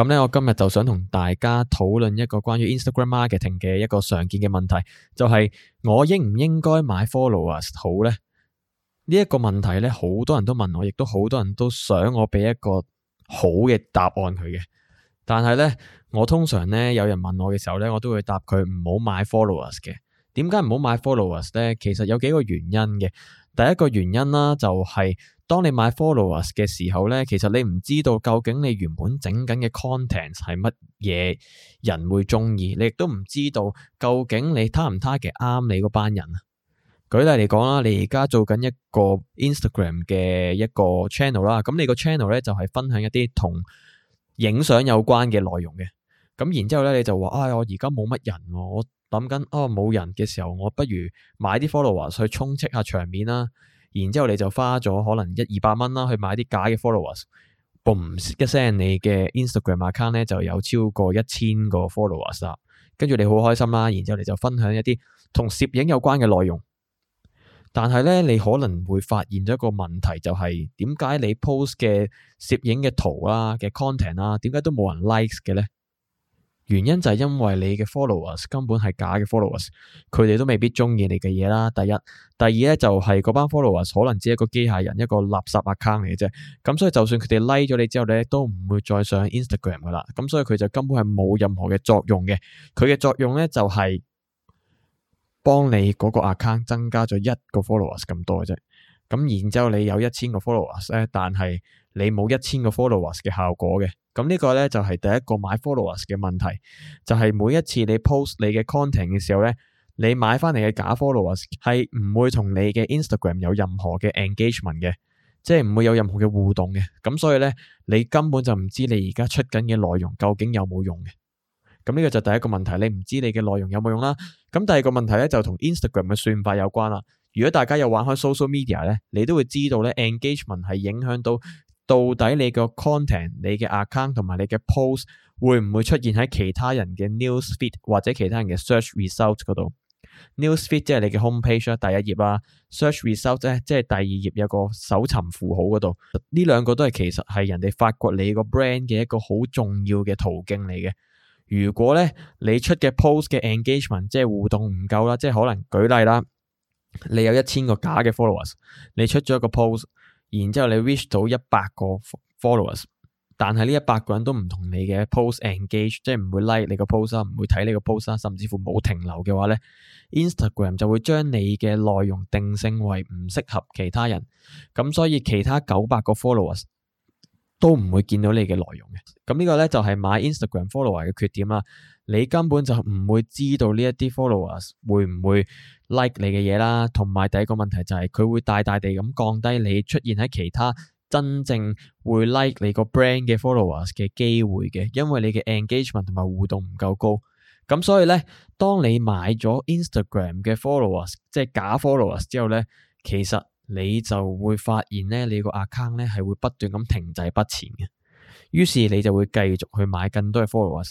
咁咧，我今日就想同大家討論一個關於 Instagram marketing 嘅一個常見嘅問題，就係我應唔應該買 followers 好咧？呢一個問題咧，好多人都問我，亦都好多人都想我畀一個好嘅答案佢嘅。但係咧，我通常咧，有人問我嘅時候咧，我都會答佢唔好買 followers 嘅。點解唔好買 followers 咧？其實有幾個原因嘅。第一個原因啦，就係當你買 followers 嘅時候咧，其實你唔知道究竟你原本整緊嘅 contents 係乜嘢人會鍾意，你亦都唔知道究竟你 target 唔 target 啱你嗰班人。舉例嚟講啦，你而家做緊一個 Instagram 嘅一個 channel 啦，咁你個 channel 咧就係分享一啲同影相有關嘅內容嘅。咁然之後咧，你就話：唉、哎，我而家冇乜人，啊、我。諗緊哦冇人嘅時候，我不如買啲 followers 去充斥下場面啦。然之後你就花咗可能一二百蚊啦，去買啲假嘅 followers。嘣一聲，你嘅 Instagram account、啊、咧就有超過一千個 followers 啦。跟住你好開心啦。然之後你就分享一啲同攝影有關嘅內容。但係咧，你可能會發現咗一個問題，就係點解你 post 嘅攝影嘅圖啊嘅 content 啊，點解都冇人 likes 嘅咧？原因就係因為你嘅 followers 根本係假嘅 followers，佢哋都未必中意你嘅嘢啦。第一，第二咧就係、是、嗰班 followers 可能只係一個機械人，一個垃圾 account 嚟嘅啫。咁所以就算佢哋 like 咗你之後咧，都唔會再上 Instagram 噶啦。咁所以佢就根本係冇任何嘅作用嘅。佢嘅作用咧就係、是、幫你嗰個 account 增加咗一個 followers 咁多嘅啫。咁然之後你有一千個 followers 咧，但係。你冇一千個 followers 嘅效果嘅，咁呢個咧就係第一個買 followers 嘅問題，就係每一次你 post 你嘅 content 嘅時候咧，你買翻嚟嘅假 followers 係唔會同你嘅 Instagram 有任何嘅 engagement 嘅，即係唔會有任何嘅互動嘅，咁所以咧你根本就唔知你而家出緊嘅內容究竟有冇用嘅，咁呢個就第一個問題，你唔知你嘅內容有冇用啦。咁第二個問題咧就同 Instagram 嘅算法有關啦。如果大家有玩開 social media 咧，你都會知道咧 engagement 係影響到。到底你個 content、你嘅 account 同埋你嘅 post 會唔會出現喺其他人嘅 news feed 或者其他人嘅 search result 嗰度？news feed 即係你嘅 home page 啊，第一頁啊，search result 咧即係第二頁有個搜尋符號嗰度。呢兩個都係其實係人哋發掘你個 brand 嘅一個好重要嘅途徑嚟嘅。如果咧你出嘅 post 嘅 engagement 即係互動唔夠啦，即係可能舉例啦，你有一千個假嘅 followers，你出咗一個 post。然之後你 reach 到一百個 followers，但係呢一百個人都唔同你嘅 post engage，即係唔會 like 你個 post，唔會睇你個 post，甚至乎冇停留嘅話呢，Instagram 就會將你嘅內容定性為唔適合其他人，咁所以其他九百個 followers 都唔會見到你嘅內容嘅，咁呢個呢，就係、是、買 Instagram follower 嘅缺點啦。你根本就唔會知道呢一啲 followers 會唔會 like 你嘅嘢啦，同埋第一個問題就係佢會大大地咁降低你出現喺其他真正會 like 你個 brand 嘅 followers 嘅機會嘅，因為你嘅 engagement 同埋互動唔夠高。咁所以呢，當你買咗 Instagram 嘅 followers，即係假 followers 之後呢，其實你就會發現呢，你個 account 呢係會不斷咁停滯不前嘅。於是你就會繼續去買更多嘅 followers。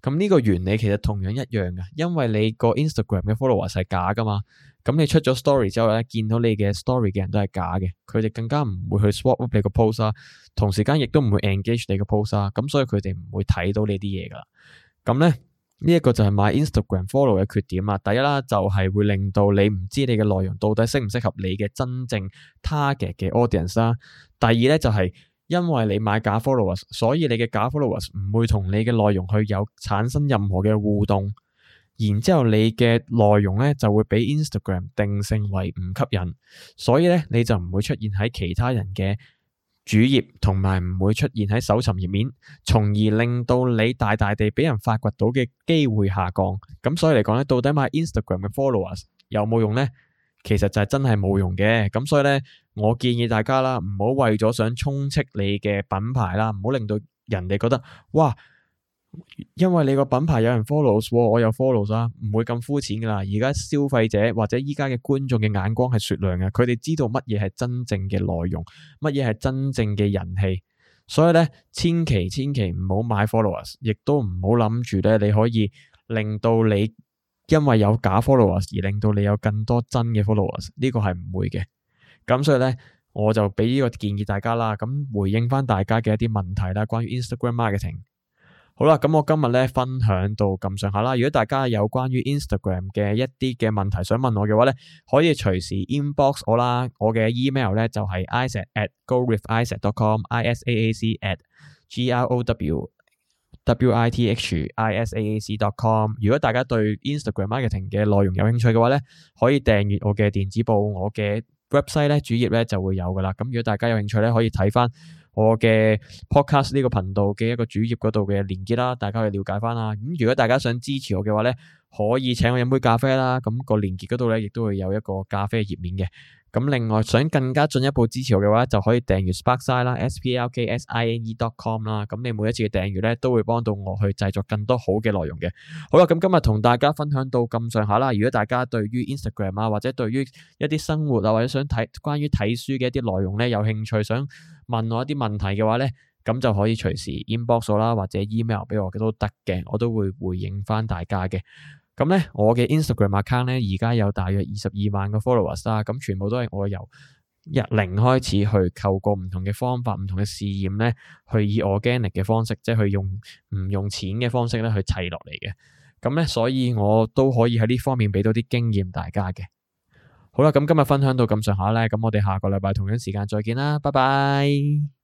咁呢個原理其實同樣一樣噶，因為你個 Instagram 嘅 follower 係假噶嘛，咁你出咗 story 之後咧，見到你嘅 story 嘅人都係假嘅，佢哋更加唔會去 swap 你個 post 啊，同時間亦都唔會 engage 你個 post 啊，咁所以佢哋唔會睇到你啲嘢噶啦。咁咧呢一個就係買 Instagram follow 嘅缺點啊。第一啦，就係會令到你唔知你嘅內容到底適唔適合你嘅真正 target 嘅 audience 啦。第二咧就係。因為你買假 followers，所以你嘅假 followers 唔會同你嘅內容去有產生任何嘅互動，然之後你嘅內容咧就會畀 Instagram 定性為唔吸引，所以咧你就唔會出現喺其他人嘅主頁，同埋唔會出現喺搜尋頁面，從而令到你大大地畀人發掘到嘅機會下降。咁所以嚟講咧，到底買 Instagram 嘅 followers 有冇用咧？其實就係真係冇用嘅，咁所以咧，我建議大家啦，唔好為咗想充斥你嘅品牌啦，唔好令到人哋覺得哇，因為你個品牌有人 follows，我有 follows 啦，唔會咁膚淺噶啦。而家消費者或者依家嘅觀眾嘅眼光係雪亮嘅，佢哋知道乜嘢係真正嘅內容，乜嘢係真正嘅人氣，所以咧，千祈千祈唔好買 followers，亦都唔好諗住咧，你可以令到你。因為有假 followers 而令到你有更多真嘅 followers，呢個係唔會嘅。咁所以呢，我就畀呢個建議大家啦。咁回應翻大家嘅一啲問題啦，關於 Instagram marketing。好啦，咁我今日呢分享到咁上下啦。如果大家有關於 Instagram 嘅一啲嘅問題想問我嘅話呢，可以隨時 inbox 我啦。我嘅 email 呢就係、是、Isaac at growwithisaac.com，I S A A C at G R O W。w i t h i s a a c dot com。如果大家對 Instagram marketing 嘅內容有興趣嘅話咧，可以訂閱我嘅電子報，我嘅 website 咧主頁咧就會有噶啦。咁如果大家有興趣咧，可以睇翻我嘅 podcast 呢個頻道嘅一個主頁嗰度嘅連結啦，大家可以了解翻啦。咁如果大家想支持我嘅話咧，可以請我飲杯咖啡啦，咁個連結嗰度咧，亦都會有一個咖啡嘅頁面嘅。咁另外想更加進一步支持我嘅話，就可以訂閱 Sparksine 啦，s p a r k s i n e dot com 啦。咁你每一次嘅訂閱咧，都會幫到我去製作更多好嘅內容嘅。好啦，咁今日同大家分享到咁上下啦。如果大家對於 Instagram 啊，或者對於一啲生活啊，或者想睇關於睇書嘅一啲內容咧，有興趣想問我一啲問題嘅話咧，咁就可以隨時 inbox 啦，或者 email 俾我嘅都得嘅，我都會回應翻大家嘅。咁咧，我嘅 Instagram account 咧，而家有大約二十二萬個 followers 啦，啊，咁全部都係我由一零開始去透過唔同嘅方法，唔同嘅試驗咧，去以 organic 嘅方式，即係去用唔用錢嘅方式咧去砌落嚟嘅。咁咧，所以我都可以喺呢方面畀到啲經驗大家嘅。好啦，咁今日分享到咁上下咧，咁我哋下個禮拜同樣時間再見啦，拜拜。